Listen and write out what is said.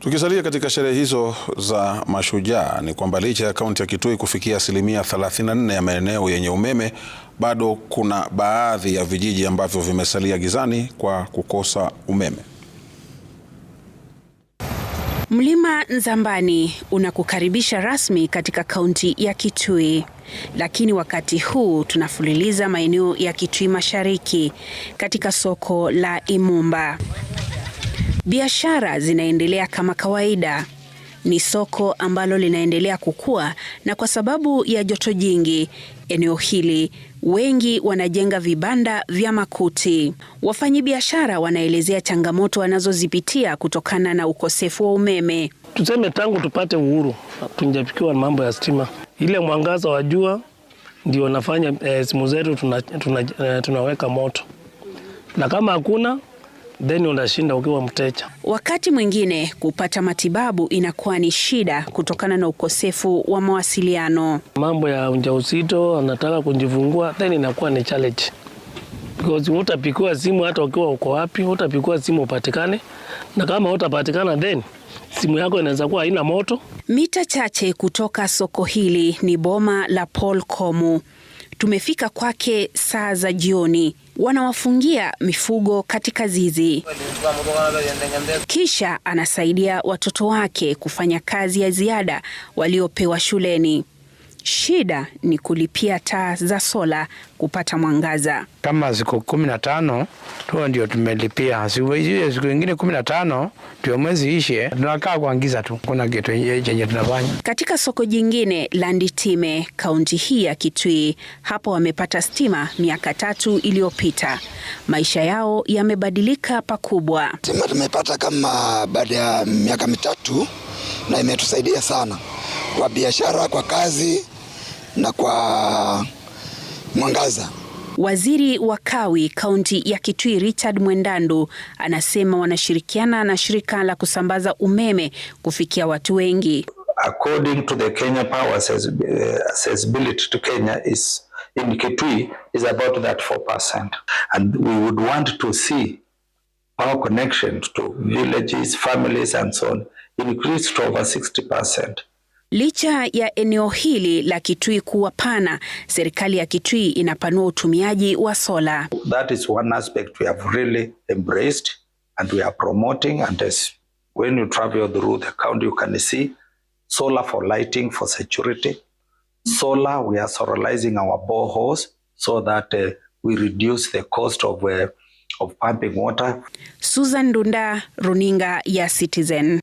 Tukisalia katika sherehe hizo za Mashujaa ni kwamba licha ya kaunti ya Kitui kufikia asilimia 34 ya maeneo yenye umeme, bado kuna baadhi ya vijiji ambavyo vimesalia gizani kwa kukosa umeme. Mlima Nzambani unakukaribisha rasmi katika kaunti ya Kitui, lakini wakati huu tunafululiza maeneo ya Kitui Mashariki katika soko la Imumba. Biashara zinaendelea kama kawaida. Ni soko ambalo linaendelea kukua na kwa sababu ya joto jingi eneo hili, wengi wanajenga vibanda vya makuti. Wafanyabiashara wanaelezea changamoto wanazozipitia kutokana na ukosefu wa umeme. Tuseme tangu tupate uhuru tunjapikiwa na mambo ya stima, ile mwangaza wa jua ndio nafanya e, simu zetu tuna, tuna, tuna, eh, tunaweka moto, na kama hakuna then unashinda ukiwa mteja. Wakati mwingine kupata matibabu inakuwa ni shida kutokana na ukosefu wa mawasiliano. Mambo ya ujauzito, anataka kujifungua, then inakuwa ni challenge because utapikiwa simu hata ukiwa uko wapi, utapikiwa simu upatikane, na kama utapatikana then simu yako inaweza kuwa haina moto. Mita chache kutoka soko hili ni boma la Paul Komu tumefika kwake saa za jioni, wanawafungia mifugo katika zizi, kisha anasaidia watoto wake kufanya kazi ya ziada waliopewa shuleni. Shida ni kulipia taa za sola kupata mwangaza. Kama siku kumi na tano tuo ndio tumelipia, siku ingine kumi na tano ndio mwezi ishe, tunakaa kuangiza tu, kuna kitu chenye tunafanya. Katika soko jingine la Nditime, kaunti hii ya Kitui, hapo wamepata stima miaka tatu iliyopita. Maisha yao yamebadilika pakubwa. Stima tumepata kama baada ya miaka mitatu na imetusaidia sana kwa biashara, kwa kazi na kwa mwangaza. Waziri wa Kawi kaunti ya Kitui Richard Mwendandu anasema wanashirikiana na shirika la kusambaza umeme kufikia watu wengi. According to the Kenya Power accessibility to Kenya is in Kitui is about that 4% and we would want to see power connection to villages, families and so on increased to over 60%. Licha ya eneo hili la Kitui kuwa pana, serikali ya Kitui inapanua utumiaji wa sola. That is one aspect we have really embraced and we are promoting and as when you travel through the county you can see solar for lighting for security. Solar we are solarizing our boreholes so that uh, we reduce the cost of, uh, of pumping water. Susan Dunda, Runinga ya Citizen.